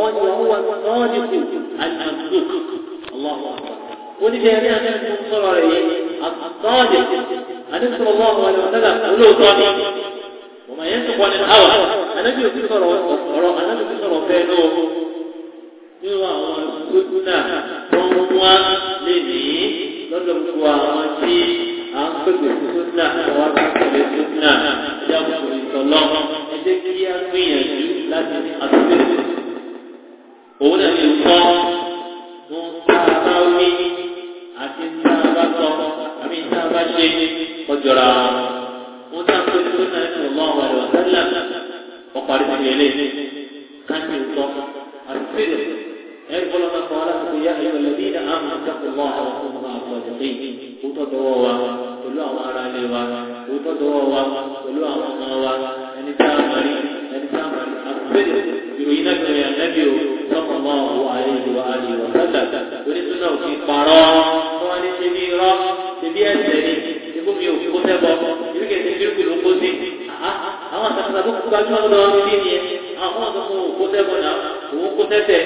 قال وهو الصادق المصدوق الله أكبر ودي جاهلية أنا صلى عليه الصادق أن صلى الله عليه وسلم قوله صادق وما ينطق عن الهوى أنا بي أكثر وأكثر أنا بي أكثر وفينه نوع سنة وموا لني لنبقى وشيء àwọn pẹ̀lú ìsúná àwọn akẹ́kọ̀ọ́ ìsúná ìyá ọkùnrin tọ́lọ́ ẹ jẹ́ kí á gbìyànjú láti ní àtúnṣe òun náà ní nǹkan ń tá a bá wí àti ń tá a bá sọ àbí ń tá a bá ṣe ọjọ́ra wọn tá a pè ní sọ́nà ẹ̀sìn ọ̀gbọ́n àwọn àdìwà sẹ́lẹ̀ ọ̀parí ti lè lé káńtì nǹkan àti sílẹ̀ ẹ̀rù bọ́lá máa kọ́ ọ́lá tuntun yá ẹ̀yọ́ lẹ́bí èyí náà gbẹ̀rẹ̀ ànábì o sọ́kọ̀ mọ́ àwọn àlejò àlejò sọ́tà onítúnà òfin parọ́ wọ́n ní ṣe bí irọ́ ṣe bí ẹ̀sẹ̀ ni ikú mi ò fi kó tẹ́bọ̀ ìlú kẹsì bí kìlú kó sí. àwọn àtàkùnà tó kú gbajúmọ̀ lọ sí ni àwọn àtàkùn kó tẹ́bọ̀ náà òun kó tẹ́tẹ̀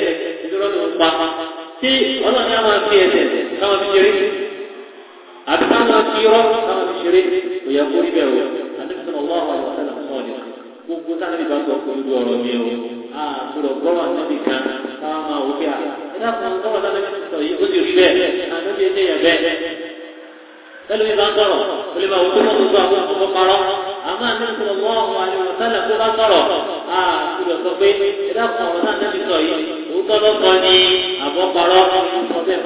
ìdúró ló ń pa. tí ọlọ́ni á máa fi ẹ̀sẹ̀ káwọn fi ṣeré àti káwọn fi irọ́ káwọn fi ṣeré òyà kórìbẹ̀ o àdébísọ̀ ọlọ́run àwọn ọ̀sẹ̀ náà sọ̀rọ̀ gbogbo sáré àgbọ̀dọ̀ gbọ́wọ́ níbi kan táwọn máa wò bí a ẹ̀dá kan gbọ́wọ́ lọ́dọ̀ ní sọ yìí ó ti rí bẹ́ẹ̀ àdébí ilé yẹn bẹ́ẹ̀ tẹ́lẹ̀ mi bá ń sọ̀rọ̀ ó lè máa wò tó mọ́ tó tó àwọn ọmọ parọ́ àmọ́ àmì ìṣòro mọ́ ọmọ àlejò sálẹ̀ tó bá sọ̀rọ̀ àgbọ̀dọ̀ sọ pé ẹ̀dá kan ọ̀rọ̀ náà níbi sọ yìí òótọ́ ló sọ ní àbọ̀ parọ́ sọ bẹ́ẹ̀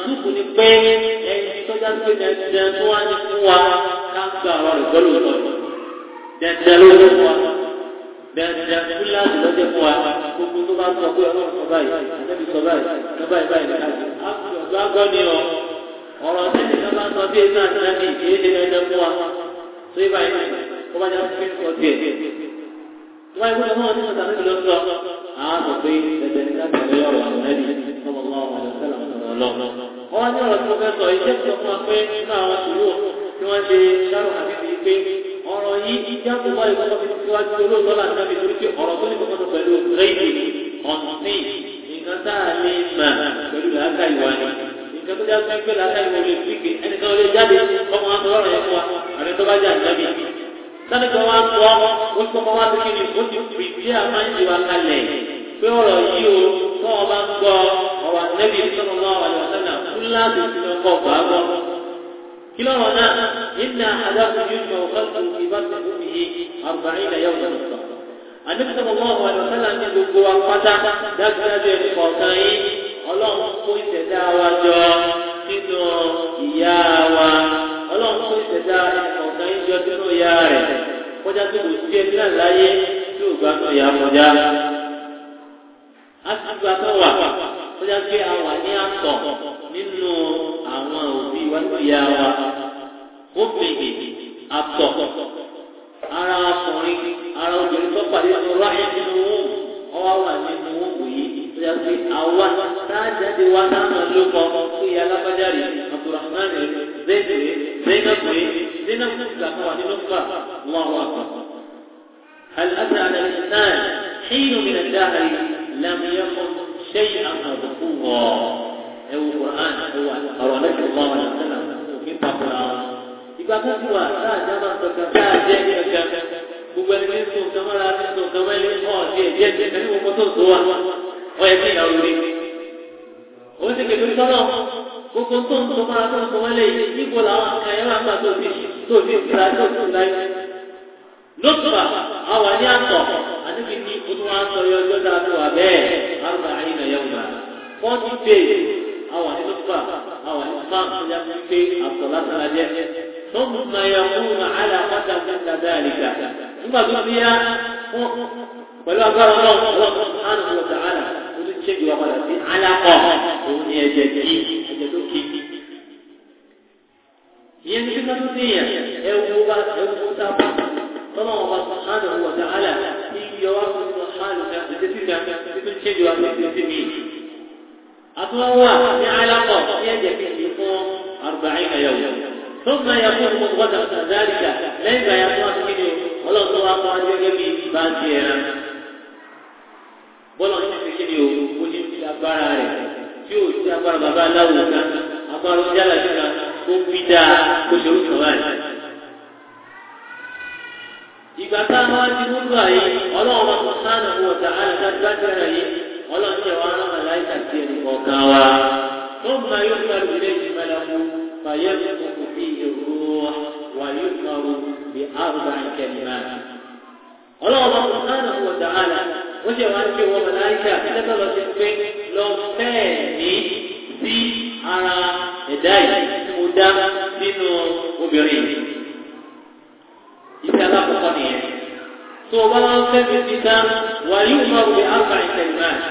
máa nàbí já pé dẹ̀dẹ̀ tó wá ní fún wa ká gba àwọn ìgbọ́lù ìtọ́ dẹ̀dẹ̀ ló ń fún wa dẹ̀dẹ̀ fúláàsì lọ́jọ́ fún wa gbogbo tó bá sọ pé ọlọ́run sọ ni ọ ọ̀rọ̀ tẹ́lẹ̀ tó bá sọ bí èso àti láti ìdílé dẹ̀dẹ̀ fún wa tó yẹ báyìí kó bá já pé sọ wọ́n ní ọ̀rọ̀ tó fẹ́ sọ iṣẹ́ tó fún wa pé nínú àwọn ṣòro tí wọ́n ṣe ṣàrò àbíbi pé ọ̀rọ̀ yìí jábù wá ìfọ́fọ́ fi síwájú olóòtọ́ láti náà nítorí pé ọ̀rọ̀ tó ní kọ́kọ́ tó pẹ̀lú gírèdì ọ̀nàmí nǹkan tá a lè mà pẹ̀lú làákà ìwà ni nǹkan tó jáde pé làákà ìwà lè fi gbé ẹnìkan lè jáde ọmọ ọ̀rọ̀ ànẹ́bí sọ́nà wọn àwọn àlùsọ́nà ńlá tó ti lọ kọ́ bá bọ́. kí lọ́rọ̀ náà iná adágún yóò ṣe ọ̀kan tó ti bá ti kú bìí àrùbáyé ìlà yóò lọ sọ. ànẹ́bí sọ́nà wọn àwọn àlùsọ́nà ní gbogbo wa pátá dájúdájú ẹni kọ̀ọ̀kan yín ọlọ́run kó ìṣẹ̀dá wa jọ nínú ìyá wa ọlọ́run kó ìṣẹ̀dá ẹni kọ̀ọ̀kan yín jọ tó yá pé a wà ní àtọ̀ nínú àwọn òbí wa ìyá wa ó bèèrè àtọ̀ ara ọkùnrin ara obìnrin tó pàdé ọ̀rọ̀ ayé nínú wọn ọwọ́ wà nínú wọn kò yí tó yá pé àwa tájáde wa náà ló kọ tó to a wà awa alábájá rè Abdulrahman rè zéèdè rè Zainab rè Zainab rè ìgbàkan wà nínú fà wọn wà kọ. هل أتى على الإنسان حين من الدهر لم يكن شيئا مذكورا ẹwù quran ẹwà ọ̀rọ̀ lẹsẹ ọmọ àwọn ìṣẹ̀lẹ̀ òfin takura wọn. ìgbà tó ti wà sáà jẹ máa sọkà sáà jẹ kẹkẹ gbogbo ẹni tí ń sọ mọ́ra tí ń sọ nǹkan mẹ́lẹ́ mọ́ ọ̀dí ẹ̀jẹ̀ ẹ̀jẹ̀ pẹ̀lú gbogbo tó sọ wa ọ yẹ kí ìyàwó rí. ó ti kékeré sọ́nà gbogbo tó ń sọ mọ́ra tó ń sọ mẹ́lẹ́ yìí níbo làwọn nǹkan yẹn máa gbà tó fi tó أربعين يوما فون يبي أو يبقى أو يبقى يبقي الصلاة الأجهة ثم يقوم على قتل مثل ذلك ثم تبقي ولو أقول الله الله سبحانه وتعالى ونشك وقلت على قهر ونيا جديد ونيا yẹn ti ma tún níyà ẹ wúwa ẹ wúwa sábà tọ́lá ọba sàkánà wọ̀ dáhàlà ìyọ́ wa fún Kùránì eh, kan àti títí kan tí tó ń ṣe ìjọba tó ti mi. Àtúnwá ní alákọ̀ ní ẹ̀jẹ̀ kejì fún àrùbáyé ayọ̀. Tó máa yẹ fún ọmọ gbọ́dọ̀ àdáríkà lẹ́yìn ìgbà yẹn fún akíkiri ọlọ́run wa kọ́ gẹ́gẹ́ bí bá ń di ẹran. Bọ́lá ní ti kéde òru ó ní fi agbára rẹ̀ tí ò sí agbára bàbá aláwọ̀ kan agbára ó yálà jù kan ó fi dáa kó ṣe ó sọ̀rọ̀ àìsàn ìgbà táwọn wá ti múlò àyè ọlọ́run wa tó sáànà wọ̀ tà á ìdá gbàgbẹ́rẹ̀ yìí ọlọ́run tẹ̀ wá rán màláìkà sí ẹnì kọ̀ọ̀kan wa tó mú ayé ọ̀tún àti ilé ìjìnlẹ̀ lọ́kù fàyẹ̀ kòkò sí ìrù wà yóò kọrù bí àrùbá ìkẹlẹ́mà. ọlọ́run wa tó sáànà tà á ó ṣe wá ń ṣe wọ màláìkà tẹ́tọ́ lọ sí pé lọ fẹ́ẹ̀ ní sí ara ẹ̀dá yìí mo dá nínú obìnrin yìí. ìṣẹ́ alákọ̀ọ́kọ́ nìyẹn. صوبان سبتتا ويؤمر بأربع كلمات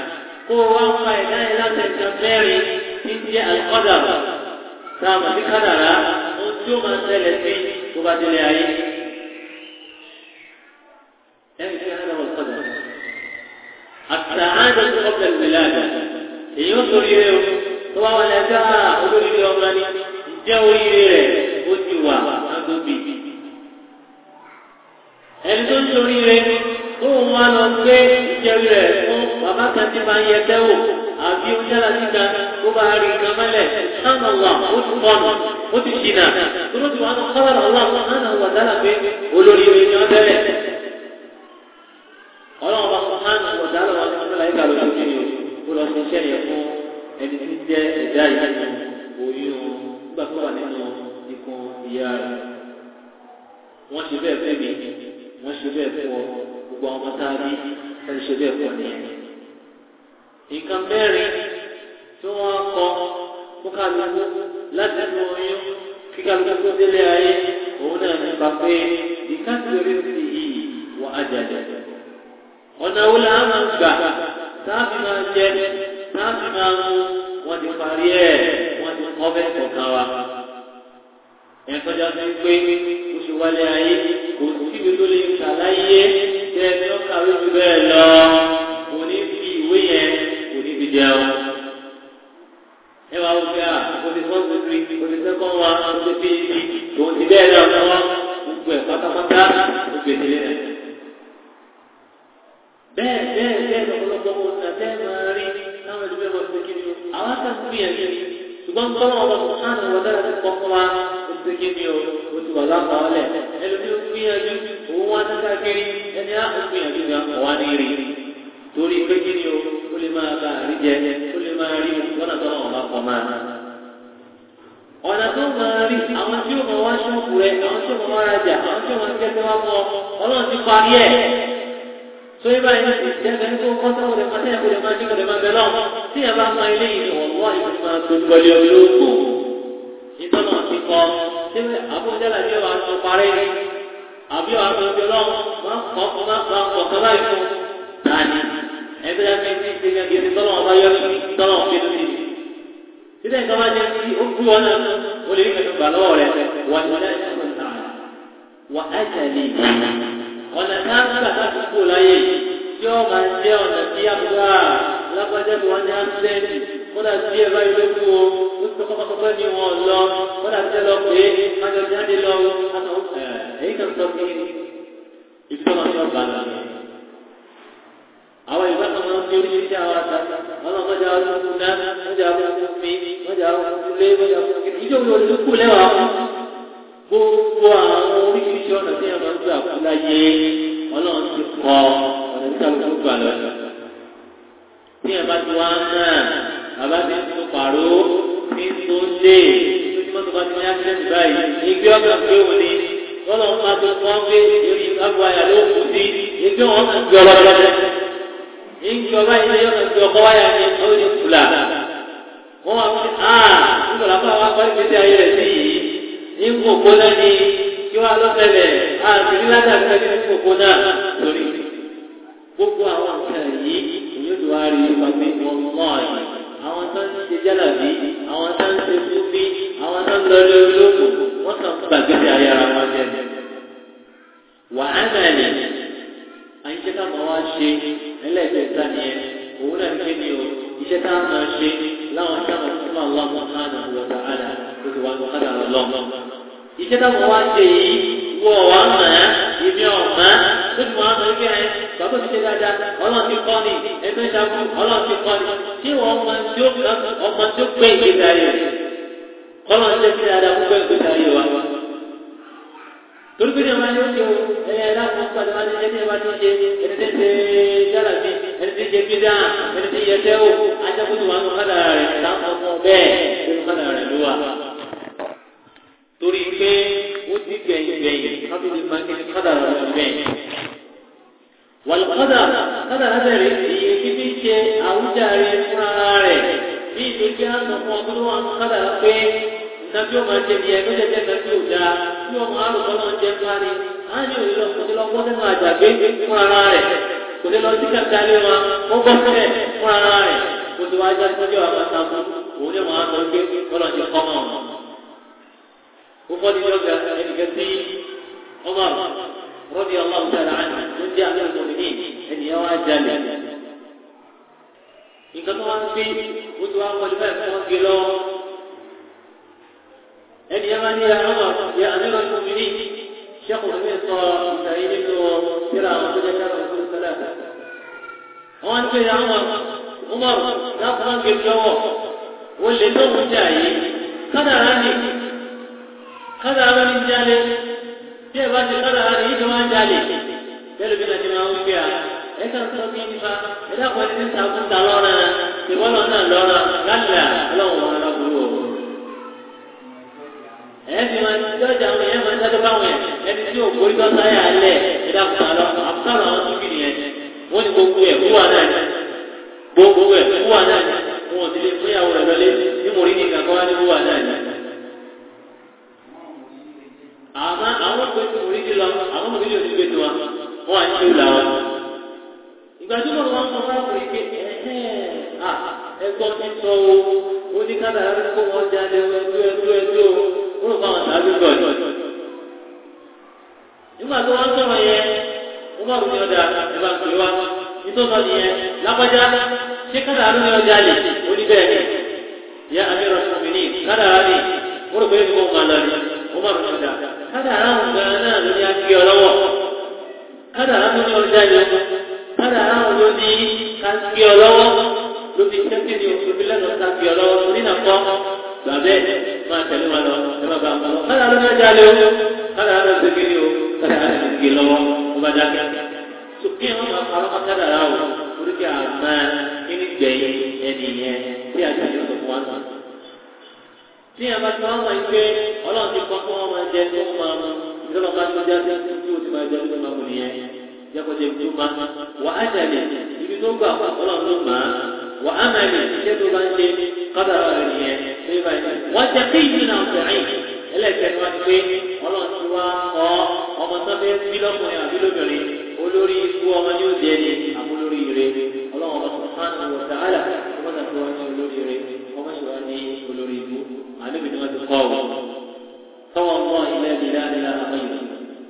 قوة قيداء لا تتنبير في القدر سامة بقدر أنتم ثلاثين تبادل عليه أي شيء هذا هو القدر السعادة قبل الولادة ينصر إليه هو ولا جاء أولو اليوم جاءوا إليه أجوا أبو بيه ẹni tó torí rẹ̀ òun wá lọ gbé ìjẹrí rẹ̀ fún bàbá kan tí máa ń yẹ tẹ́wò àbí oníṣẹ́lá síta tó bá rí nǹkan mẹ́lẹ̀ sáwọn wà ó ti pọnù ó ti jìnà tó ló ti wá lọ sábàbà wà fún náà wà dára pé olórí rẹ̀ ni wọ́n tẹ́lẹ̀ ọlọ́run bá fún hánà wà dára wà fún náà ìgbà lóṣù kí ni ó lọ sí iṣẹ́ yẹn fún ẹni tí jẹ́ ẹ̀dá ìlànà oyún nígbà tó wà nínú ikùn ìyá bẹ́ẹ̀ fọ gbogbo àwọn ọmọ tá a bí wọ́n ti ṣe bẹ́ẹ̀ fọ nìyẹn. nǹkan mẹ́rin tí wọ́n kọ fún kálukú láti mú oyún kí kálukú tó délé ayé òun náà nípa pé ìkásíorí ti yìí wọ àjàjà. ọ̀nà wo la máa ń gbà táàbì máa jẹ táàbì máa mú wọ́n ti parí ẹ̀ wọ́n ti kọ́ bẹ́ẹ̀ kọ̀ọ̀kan wa. ẹ̀kọ́jà ti ń pé ó wálé ayé kò síbi tó lè ṣàlàyé tẹ ẹni ó kàwé jù bẹ́ẹ̀ lọ kò ní fi ìwé yẹn kò ní fi jẹun. ẹ wá wọ pé à kò ní kọ́ńtìrì kò ní sẹ́kọ̀ọ́ wa kò ní fi kò ní bẹ́ẹ̀ lọ fún wọn gbogbo ẹ̀ pátápátá ó gbèsè lẹ́nu. bẹ́ẹ̀ bẹ́ẹ̀ bẹ́ẹ̀ lọ́pọ̀lọpọ̀ mo nà tẹ́ máa rí táwọn ìlú bẹ́ẹ̀ ti kí ni o àwọn akẹ́kọ̀ọ́ yẹn ni ṣùgbọ́n tọ́lọ́ ọba wa ó ti kí ni o ó ti wà lápá ọlẹ̀ ẹlòmíràn gbìyànjú òun wá sáká kiri ẹni á ó gbìyànjú ní ọ̀wá ní rí torí pé kí ni o ó lè máa bá àrí jẹ ó lè máa rí lọ́nà tó náà bá pọ̀ máa. ọ̀nà tó máa rí àwọn tí ó máa wá ṣọ́ọ̀bù rẹ àwọn tí ó máa wá rajà àwọn tí ó máa kẹ́kẹ́ wá mọ́ ọlọ́run ti parí ẹ̀. tó yẹ báyìí ní ìjẹ́gbẹ́ tó kọ́ sáwọn ọ̀rẹ́ máa tẹ́yàwó rẹ̀ máa ní ọ̀rẹ́ máa bẹ̀ lọ́wọ́ tí ẹ bá mọ ilé yìí ọ̀wọ́ àbí àwọn ọmọ ọjọ́ lọ́wọ́ máa ń kọ́ ọmọ máa ń kọ́ ọmọ láì fún dání ẹgbẹ́ ẹgbẹ́ ti ṣe ní ẹgbẹ́ tọ́lọ́ ọba yọ sí tọ́lọ́ ọ̀fẹ́ lórí mi. sílẹ̀ nǹkan máa jẹ́ kí ó kú wọn náà ó lè rí pẹ̀lú gbà lọ́wọ́ rẹ̀ wà ní ọ̀nà ìṣẹ̀lẹ̀ wà á tẹ̀lé ọ̀nà káàkiri láti kú láyé yóò máa jẹ́ ọ̀nà bí àbúrò wípé kọ́kọ́kọ́kọ́ ni wọ́n lọ wọ́n dàbí tẹ́lọ pé májọ jáde lọ àtàwọn ẹ̀yìn kan sọ pé ìtọ́nà ní ọ̀gá lọ. àwọn ìgbà kan máa ń fi orí iṣẹ́ àwọn àgbà wọn lọ mọ́jà ọdún náà mọ́jà ọdún mi mọ́jà ọdún lé mọ́jà ọdún kí ìjọ mi ò lè kú lẹ́wàá gbogbo àwọn oríṣiríṣi ọ̀nà tí ẹ̀rọ ń gbà kú láyé ọlọ́run ti kọ ọ̀nà tí a lè gbà lọ. tí ẹ̀ bá ti wá náà bàbá kò lè mọ́tò bá ti ní accident báyìí ìgbé ọ̀gá pé òun ni wọ́n lọ máa tó fún ọ́n gbé lórí abu àyà ló kù sí ìgbé wọn kàn gbé ọlọ́dọ́ lọ́dọ́ ìgbé ọba ilé yóò kàn gbé ọkọ wáyà ní ọdún ìkùlà wọ́n wá pé áà nígbà lápá wa kọ́ ìgbésí ayé rẹ̀ sí yìí ní kòkó náà ni kí gbogbo àwọn àṣà yìí ìyóò tó wá rí ipa pé wọ́n mọ́ ọ̀yìn àwọn tó ń ṣe jálàbí àwọn tó ń ṣe fúnbí àwọn tó ń lọ lé olóògùn wọ́n kàn fún gbàgede ayé ara wọn jẹ. wàhálà ẹ̀ àyíṣẹ́ ká máa wá ṣe ẹlẹ́ẹ̀kẹta nìyẹn òun náà ṣe ni o iṣẹ́ ká máa ṣe láwọn tí àwọn tó máa wá wọn hàn náà wọ́n wá tó ti wá wọn hàn náà lọ. iṣẹ́ ká wá ṣe yìí wọ́ wá mọ̀ ẹ́ ibi ọ̀mọ́ tó ti máa mọ̀ ẹ́ bí ẹ bàbá ti ṣe dáadáa ọlọ́run ti kọ́ ni ẹgbẹ́ ìṣàkóso ọlọ́run ti kọ́ ni tí wọ́n ọmọ tí ó kàn ọmọ tí ó gbé ìgbésí ayé rẹ̀ kọ́lọ̀ ń jẹ́ sí dáadáa púpọ̀ ìgbésí ayé wa. torí pé ní ọmọ ẹni ó ti wo ẹni ẹ̀dá fún pàdé wá ní ẹni ẹ̀wá ti ṣe ẹni tí ń ṣe yàrá bí ẹni tí ṣe bídà ẹni tí yẹ tẹ́ o ajẹ́kùtù wa nù kádà rẹ̀ táwọn ọmọ bẹ́ẹ̀ nínú kádà rẹ̀ ló wà. torí pé ó ti gbẹ̀yìn gbẹ̀yìn kádàrá bẹ̀rẹ̀ èyí títí ṣe àwùjáre fún ara rẹ̀ ní ìlú kí á sọ fún ọdún wọn kádàrá pé nǹkan tí ó máa jẹ bí ẹgbẹ́ jẹjẹ kan tí ò dáa tí ó máa rò lọ́nà jẹ fún ani á ní òní lọ kò ní lọ gbọ́ nínú àjàgbé fún ara rẹ̀ kò ní lọ sí kàkà lé wọn ó gbọ́ sílẹ̀ fún ara rẹ̀ kò tó wájú ọjọ́ àbáta fún òun ní wọn á sọ pé kọ́lọ̀ ti kọ́ mọ́ ọ̀nà وقد يوجد ابن كثير عمر رضي الله تعالى عنه من جاء من المؤمنين ènìyàn wá jalè nǹkan tó wá ń gbé ó ti wá wọlé báyìí fún wọn gbé lọ́wọ́ ènìyàn bá ní àwọn àti àníwọ̀n tó mi ní ṣẹ́kù mi sọ ìtàrí nínú síra àwọn tó jẹ́ ká lọ́wọ́ tó sẹ́lẹ̀ wọ́n ń gbé àwọn ọmọ láti wọ́n gbé lọ́wọ́ wọ́n lè lóhùn jà yìí kádàrá ni kádàrá ni jalè bí ẹ bá ti kádàrá ni ìjọba ń jalè bẹ́ẹ̀ ló bí wọ́n ti máa ń gbé àwọn ẹ̀ka tó ní nípa ẹ̀dá kan ní sàkún ta lọ́ra ìwọ́lọ́ náà lọ́ra lálẹ́ ọlọ́run wọn lọ́kùnrin wò. ẹ̀yẹ́ fi máa ti ọjà àwọn èèyàn máa ń sáré báwọn ẹ̀ ẹni tí òkú orí tọ́ta yà á lẹ̀ ẹ̀dá kan àlọ́ àbúkárọ̀ àwọn tó kìnnì yẹn wọ́n ti gbogbo ẹ̀ fúwa náà ni gbogbo ẹ̀ fúwa náà ni wọn ò ti lè àwọn gbèsè mòrí yóò ti gbèsè wa wọ́n á ti ṣe ìlà gbajúmọ̀ wọn sọ fáwọn èké ẹgbọ́n ti sọ o ó ní kádà rẹ kó wọn jáde ẹdú ẹdú ẹdú o ó rò fáwọn sáájú gbọ̀ ní. nígbà tó wọn sọ̀rọ̀ yẹn wọn bá wùdí ọjà ìbá pè wá ìtọ́sọ nìyẹn lápájá ṣé kádà rẹ ní ọjà lè ó ní bẹ́ẹ̀ ni ìyá amíràn fúnmi ní kádà rẹ ni mo rò pé èmi kò máa lọ ni ló ní ọjà yẹn kí ọ lọ́wọ́ ló fi jẹ́ kí ni oṣù bí lẹ́nu ọ̀sán kí ọ lọ́wọ́ torí náà kọ́ gbà bẹ́ẹ̀ máa tẹ̀lé wa lọ ẹ má bàa bọ̀ kára ló máa jalè o kára ló ṣe kí ni o kára ló ti gé lọ́wọ́ ó bá dákẹ́ sókè wọn máa fa ọkọ kára rà o orí kí a máa kí gbẹ̀yìn ẹni yẹn tí a ti lè fún wa náà tí a bá ti wá wọn pé ọlọ́run ti kọ́ wọn máa jẹ tó máa mú ìjọba bá ti jẹ́ tó ti máa jẹ tó máa mú nìyẹn jẹ́kọ̀ọ́ jẹ́ tó tó gbà ọlọ́run ló máa wà á máa lè ṣiṣẹ́ tó bá ń ṣe kọ́dà ọ̀rọ̀ nìyẹn tó yẹ báyìí. wọ́n jẹ́ pé ìlú náà sọ̀rọ̀ ẹlẹ́gbẹ̀ẹ́ wọn pé ọlọ́run ti wá kọ́ ọmọ tó fẹ́ bí lọ́kùnrin àbí lóbìnrin olórí ikú ọmọ ní òde ẹni àbólórí ire ọlọ́run ọmọ sọ̀rọ̀ wá ní olórí ire ọmọ sì wá ní olórí ikú àlébì ni wọ́n ti kọ́ ọ. tọ́wọ́ mọ́ ilẹ̀ ìlà ìlà àmọ́ ìlú.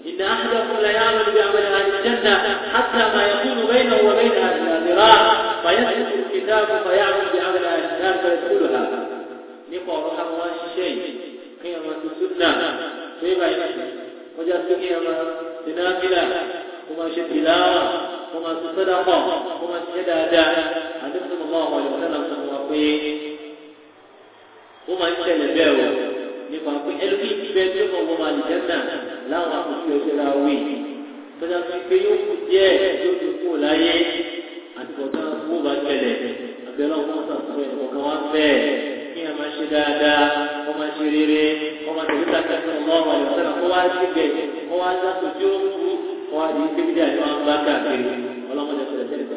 إن أحدكم لا يعمل بعمل أهل حتى ما يكون بينه وبينها الشرائع فيسلك الكتاب فيعمل بعمل اهل الكتاب فيدخلها nípa ọ̀rọ̀ àwọn aṣiṣẹ́ yìí kí ọmọ tó súnà tó yẹ báyìí wọ́n já sí kí ọmọ sinadila kó máa ṣe tìláwà kó máa ṣe sọ́dápọ̀ kó máa ṣe dáadáa àdéhùn ọmọ ọmọ ìwọ̀n náà sọ wọn pé ó máa ń ṣẹlẹ̀ bẹ́ẹ̀ o nípa pé ẹlòmíì ti bẹ́ẹ̀ tó kọ̀ wọ́n máa lè jẹ́nà láwọn àkókò ìṣẹ̀lẹ̀ àwìn tó já sí pé yóò kú díẹ̀ yóò ti kú láyé àtìkọ̀tà owó bá tẹ̀lẹ̀ àbẹ̀rẹ̀ ọ̀gbọ́n sàkóso ẹ̀kọ́ kan wá bẹ́ẹ̀ kí ẹ máa ṣe dáadáa wọ́n máa ṣe rere wọ́n máa tẹ̀lé sàkóso ọlọ́run àlùsọ́nà kó wá sí bẹ̀ kó wá sàkó tí ó kú kó wá di ibi díẹ̀ tó ń bá káàkiri ọlọ́mọdé tẹ̀lẹ̀ tẹ̀lẹ̀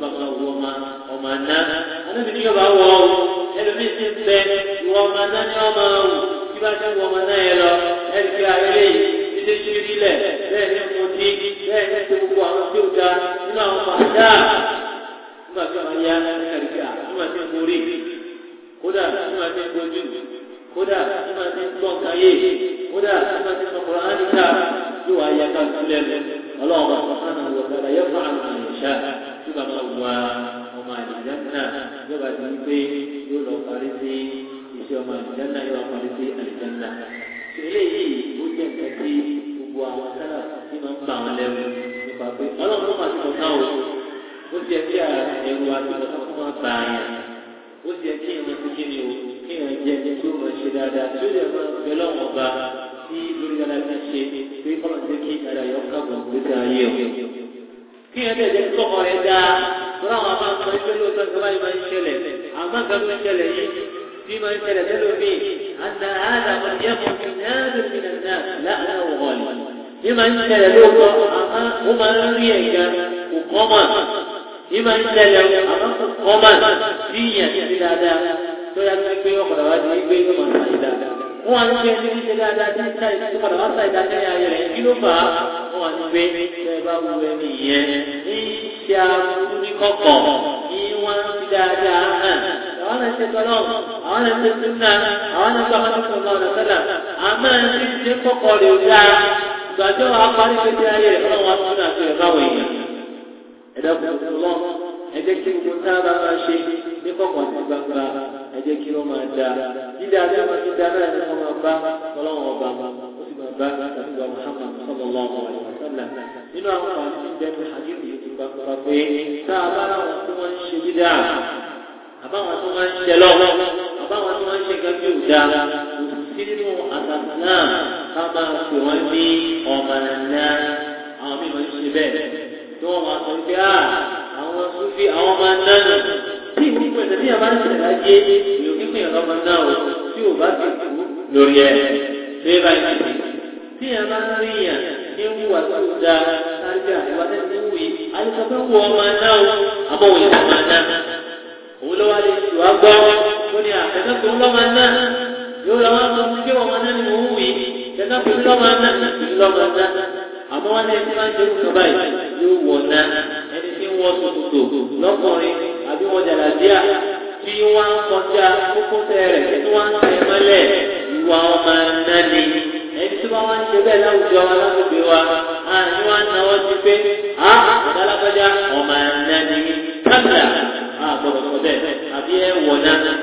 kọ̀ọ̀kan wa yóò bá máa wọ ọmọ ọmọ àná àdébí ni yóò bá wọ ẹlòmíín ti ń bẹ ìwọ nínú àwọn fàdá nígbà tí ọmọ ya kàríkà nígbà tí ń borí kódà nígbà tí ń bojú kódà nígbà tí ń gbọ́n káyé kódà nígbà tí ń sọkọrọ áníkà yóò wá ya ká sílẹ̀ ọlọ́run bá sọ̀rọ̀ àwọn ọ̀gbọ̀dà yóò fún àwọn àyẹ̀ṣà tí bàbá wà ọmọ àdìjá náà yóò ti ń yóò lọ parí sí iṣẹ́ ọmọ àdìjá náà yóò parí sí àdìjá náà eléyìí ó jẹ́ nǹkan tí gbogbo àwọn sára tí máa ń bà wọn lẹ́rù nípa pé ọlọ́run máa ti kọ̀ọ̀kan o ó ti ẹ̀ kí ẹ̀rù àti fún wọn yẹn ó ti ẹ̀ kí ẹ̀rù ti kí ni o kí ẹ̀rù jẹ́ ẹni tó máa ṣe dáadáa tí ó lè máa bẹ lọ́wọ́ bá sí lórí dáadáa ti ṣe pé kọ́lọ̀ ti kí ìdára yọ kábọ̀ lójú ayé o. kí ẹ̀rù ẹ̀jẹ̀ tó kọ̀ ẹ̀ dáa lọ́wọ́ máa sọ ń ṣẹlẹ̀ àmọ́ nǹkan tó ń máa ń ṣẹlẹ̀ ní máa ń ń rí àwọn ẹ̀ṣẹ̀ tó ń ná àwọn ẹ̀ṣẹ̀ tó ń ná àmọ́ ẹni tí ń kọ́kọ́ rẹ̀ dáa gbàjọ́ apárí pété ayé rẹ̀ ọlọ́wọ́ asúnà àti rẹ̀ báwọn èèyàn ẹ̀dá kùkù lọ ẹ jẹ́ kí nǹkan tá a bá máa ṣe ní kọ̀kọ̀ sí gbangba ẹ jẹ́ kí wọ́n máa da dídá tí a máa ti da náà ni wọ́n máa bá ọlọ́wọ́ ọba ó sì máa bá àtúgbà Muhammad sallallahu alaihi wasallam nínú àwọn àti ìdẹ́nu àdìsí yìí ti gbàgbà pé tá a bá láwọn tí wọ́n ń ṣe dídá àbáwọn tí wọ́n ń ṣẹlọ́ àbáwọn tí wọ́n ń ṣe gẹ́gẹ́ bí òdà òsì nínú àtàkùn náà ká máa pè wọ́n ní ọmọ nàná àwọn mímọ̀ ní ṣe bẹ́ẹ̀ tí wọ́n máa sọ pé ah, àwọn sufi àwọn ọmọ nàná tí ìwé pẹ̀lú ní àbá ní ṣẹlẹ̀ ayé ìlú kíkún ìyàtọ̀ ọmọ náà o tí ò bá ti kú lórí ẹ̀ ṣé báyìí tí ẹ bá ń rí yàn ní wúwà tó da sáré àríwá tẹ́lẹ̀ wù yìí alùpàá bá wù ọmọ náà o àbọ̀wò ìtàmà náà òun ló wá lè tù gbọ́ ó ní àtẹ̀tẹ̀ ah, tó ń lọ́mọ náà yóò lọ́mọ náà ní ṣẹlá fi lọ́mọ ná lọ́mọ ná àmọ́ wọn ní ẹni máa ń ṣe orúkọ báyìí yóò wọ̀ ná ẹni tí ń wọ tòkòtò lọ́kùnrin àbí wọn jàdà díà tí wọ́n ń kọjá kókósẹ̀ rẹ̀ tí wọ́n ń tẹ̀ mọ́lẹ̀ ìwà ọmọ náà ni ẹni tí wọ́n wá ṣe bẹ́ẹ̀ láwùjọ wa lágbègbè wa àní wọ́n náwó ti pé á ìdálágbájá ọmọ náà ni kábíyà àgbọ̀dọ̀ kọ̀dẹ̀ àbí ẹ̀ wọ̀ náà.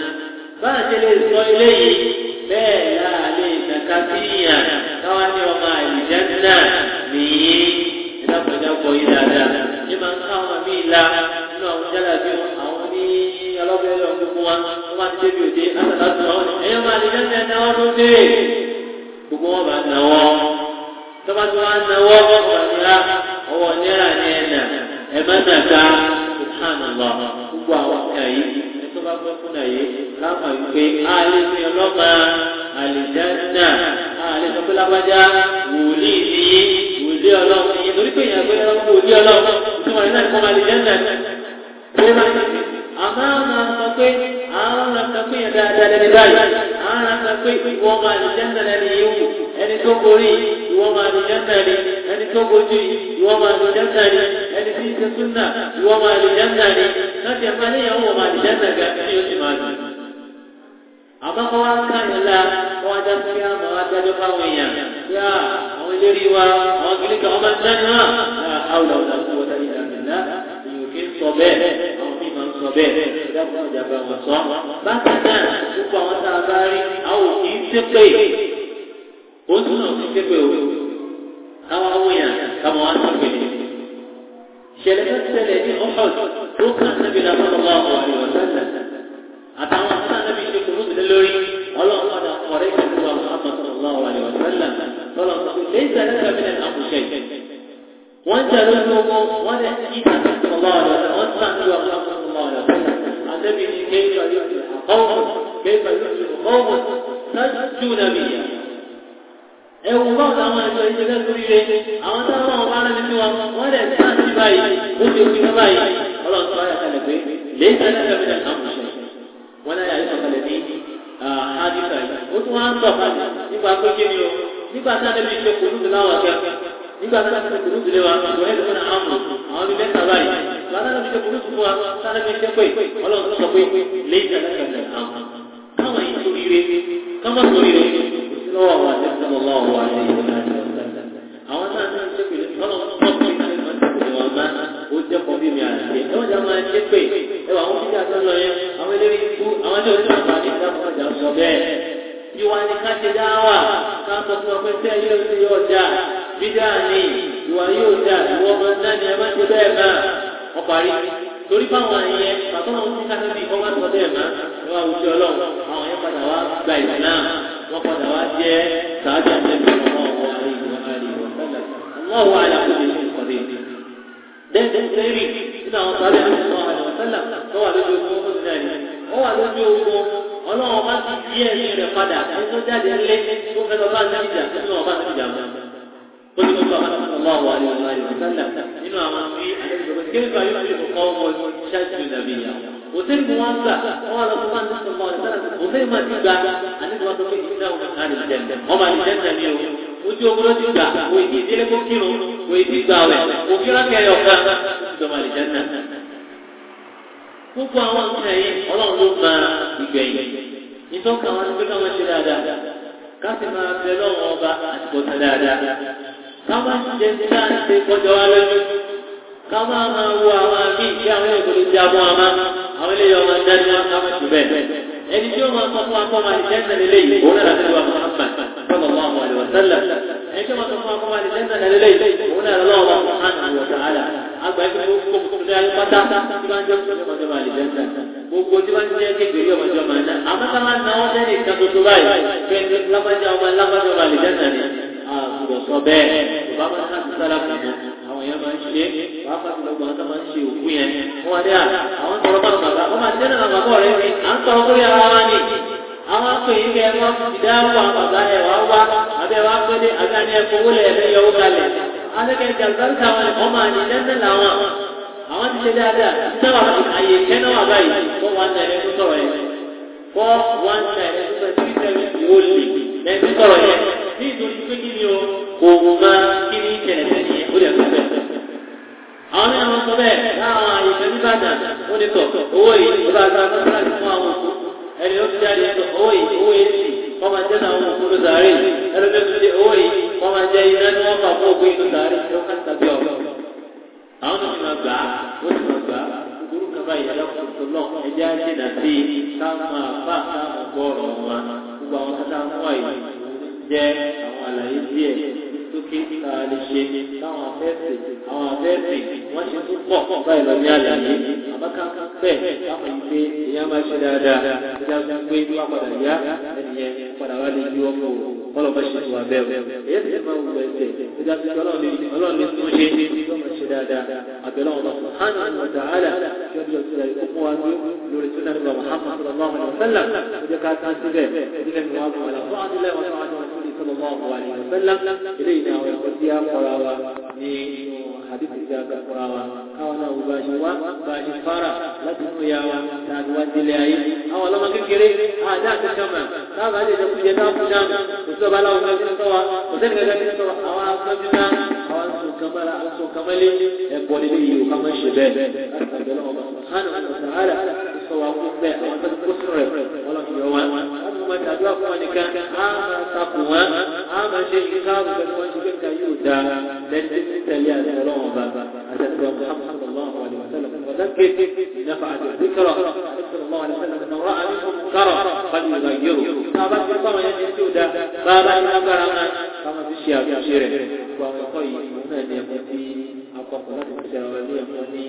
dáadáa lẹ́ni báyìí àwọn àgbà pé ìwọ ọmọ àlùjẹ́ńdà lẹ́ni yìí wù ẹni tó borí ìwọ ọmọ àlùjẹ́ńdà ni ẹni tó bojú ìwọ ọmọ àlùjẹ́ńdà ni ẹni tí ń ṣe súnà ìwọ ọmọ àlùjẹ́ńdà ni láti ẹ̀fà níyàwó ọmọ àlùjẹ́ńdà ga tí ó sì máa dùn. àbákọ́ wa ń ká ìlà wọn dá sí àmọ́ adájọ́ fáwọn èèyàn yá àwọn eléré wa àwọn kìlíkà ọmọ ìdáná àwùjọ sọ bẹ́ẹ̀ dákun ọjà wọn sọ. bákan náà gbogbo àwọn tá a bá rí àwọn kì í ó tún náà kì í o káwọn awòyàn káwọn wá ṣépè. ìṣẹ̀lẹ̀ tó ṣẹlẹ̀ ní ọ̀hún tó kàn sábìlà fọlọ́wọ́ àwọn ẹni ẹlẹ́nu ríre àwọn rẹ̀ nínú wa wọ́n rẹ̀ ní àti báyìí náà àwọn náà náà ń ṣe pèlè ọlọ́run tó pọ̀ pé ìṣẹ́ ìmọ̀ tó kò wọ́n bá ó jẹ́ kọ́ bí mi àṣẹ ẹ wọ́n jà máa ṣe pé ẹ wà àwọn fíjà tó lọ yẹn àwọn eléré ikú àwọn ilé oníṣẹ́ àǹfààní ìdáàbò ọjà sọ bẹ́ẹ̀ bí wàá ní ká ṣe dáwà ká sọ fún ọpẹ tẹ ilé oṣù yóò já bídà ni ìwà yóò já ìwọ ọmọ náà ẹ má ṣe bẹ́ẹ̀ náà ọparí torí báwọn ẹ̀yẹ bàtọ́ wọn ti ká wọ́n على كل شيء Dẹ́sẹ̀ tẹ́rì nínú àwọn sáré àtúnṣe àwọn sẹ́là tó wà lójú ogun ọdún náà ni. Ó wà lójú ogun ọlọ́run bá ti di ẹ̀mí rẹ̀ padà ẹni tó jáde lé tó fẹ́ lọ bá ń dájà nínú ọba ti jà mọ́. Ó ti lọ́jọ́ àwọn àwọn àlejò àlejò sẹ́là nínú àwọn àmì àlejò kéwìkà yóò fi kọ́ ọmọ ṣáàtì ìdàbíyà. Òtẹ́ ìmú wọn gbà, wọ́n wá lọ fún Máńdé Sọ̀mọ́ ọ̀rẹ́ sẹ́là. Òtẹ́ ìmọ̀ ti gba, àníbi tó fi ìṣẹ́ òkè ojú ogun ló ti gbà kò ìdí ìdílé kó kírun kò ìdí gbà rẹ̀ kò kí rákẹ́rẹ́ ọ̀kan ìjọba lè jẹ́nà. gbogbo àwọn nǹkan ẹ̀yìn ọlọ́run ló máa ìgbẹ̀yìn ìtọ́ka wọn pé káwọn ṣe dáadáa ká sì máa fẹ́ lọ́wọ́ ọba àtìkọ́tà dáadáa ká má ṣe sáà ṣe kọjọ wa lójú ká má máa wo àwọn àmì ìṣe àwọn ìgbòho ti abọ́ àmá àwọn ilé yọ ọmọ dáadáa ká má ṣe bẹ́ẹ̀ ẹni tí ó máa sọ fún akọ́ máa ṣiṣẹ́ wasallam ẹni tí wọ́n tó fún akọ́wà ní lẹ́nà lẹ́lẹ́ òun náà lọ́wọ́ wọn fún hàn àwọn ọ̀tá àlà àgbà ẹgbẹ́ tó kó kó lẹ́yìn pátá tí wọ́n jẹ́ fún ọjọ́ máa lè lẹ́nà gbogbo tí wọ́n jẹ́ kéde yọ ọjọ́ máa ná àmọ́ta máa ná wọ́n lẹ́yìn ìka tuntun báyìí pé lágbájá ọmọ lágbájá máa lè lẹ́nà ni àgbọ̀sọ bẹ́ẹ̀ bàbá máa ká sísára kan àwọn èèyàn máa ń ṣe pàápàá lọ́gbọ̀n tó máa ń ṣe òkú yẹn wọ́n ní à àwọn tọrọ bá ń bàbá rẹ̀ à ń àwọn akọ̀yìn bẹ́ẹ̀ mọ́ ìdáhùn àbàbá ẹ̀ wá wá abẹ́ wá pé ní agbani ẹ̀kọ́ wọlé ẹ̀mí yọwọ́ kalẹ̀ alẹ́kẹ̀ jàǹdàǹtà wọn ẹ̀kọ́ máa ní lẹ́sẹ̀ làwọn àwọn ti ṣe dáadáa nígbà àyè kẹ́nà wà báyìí wọ́n wá tẹ̀lé tó sọ̀rọ̀ yẹn wọ́n wá tẹ̀lé tó sọ̀rọ̀ tí tẹ̀lé ìwò lè lẹ́sẹ̀ sọ̀rọ̀ yẹn ní ìdòtí pé kí ni o kò máa kí ni ìṣẹ̀lẹ̀ tẹ̀lé ó dẹ̀ fún àwọn ní àwọn sọ bẹ́ẹ̀ láwọn àyè kẹ́ ẹni ó ti jáde tó owó yìí wọ́n máa jẹ́ àwọn òkúrú sàárè ẹni tó ti jẹ wọ́n máa jẹ iná ní wọ́n fà fún òkú inú sàárè tó ká tàbí ọ̀ àwọn tó ti ó sì máa gbà kúrú kaba ìyàlẹ́ tó dá wọn yìí jẹ́ lókè tá a lè ṣe táwọn àwọn afẹ́sẹ̀ wọ́n ṣe tó pọ̀ báyìí lọ ní àlàyé àbáká ìyá máa ṣe dáadáa ìyá máa yá ẹnìyẹn padà lè yí ọkọ̀ wọ́n bá ṣe wà bẹ́ẹ̀ sallallahu alaihi wasallam eléyìí ni àwọn ẹ̀kọ́ tí a kọ́ra wa ní inú àdìsí tí a kà kọ́ra wa káwọn náà bá ṣe wá bá ṣe fara láti fún ya wa láti wá délé ayé àwọn ọlọ́mọ kékeré àdá àti kama táwọn àti ìjọba jẹ náà fún náà kò sí ọba aláwọ̀ kan sọ wa kò sẹ́ni kankan ti sọ àwọn akọ́jú náà àwọn sọ kamara sọ kamalé ẹ̀bọ̀ nílé yìí ò kama ṣe bẹ́ẹ̀ دوا کوونکا هغه تقوا هغه شی حساب کوونکا کایو دا لنت تلیا سلام بابا حضرت محمد صلى الله عليه وسلم وذكر نفعت الذكرى صلى الله عليه وسلم انه راى منهم منكرا فليغيره بابا طبعا يجدوا ده بابا نبرنا كما في الشيعة بشيره وقال من يمتي أقفلت الشيعة وليمني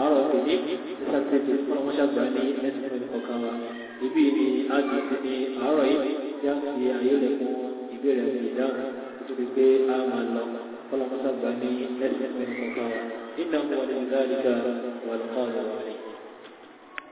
عرفني تسلسل المشاهد عليه نسمي الحكامة ibi ni a ti ti ní àárọ̀ yìí já fi àyè lè fún ìbéèrè ẹ̀sìn ìdáhùn nítorí pé a máa lọ kọ́lọ́mọ́sàgbà ní ẹ̀sìn ìpínlẹ̀ kọ̀ọ̀kan wa nínú àwọn ìdáríkà wà lọ́kọ̀ọ̀lọ́wọ́ rẹ̀.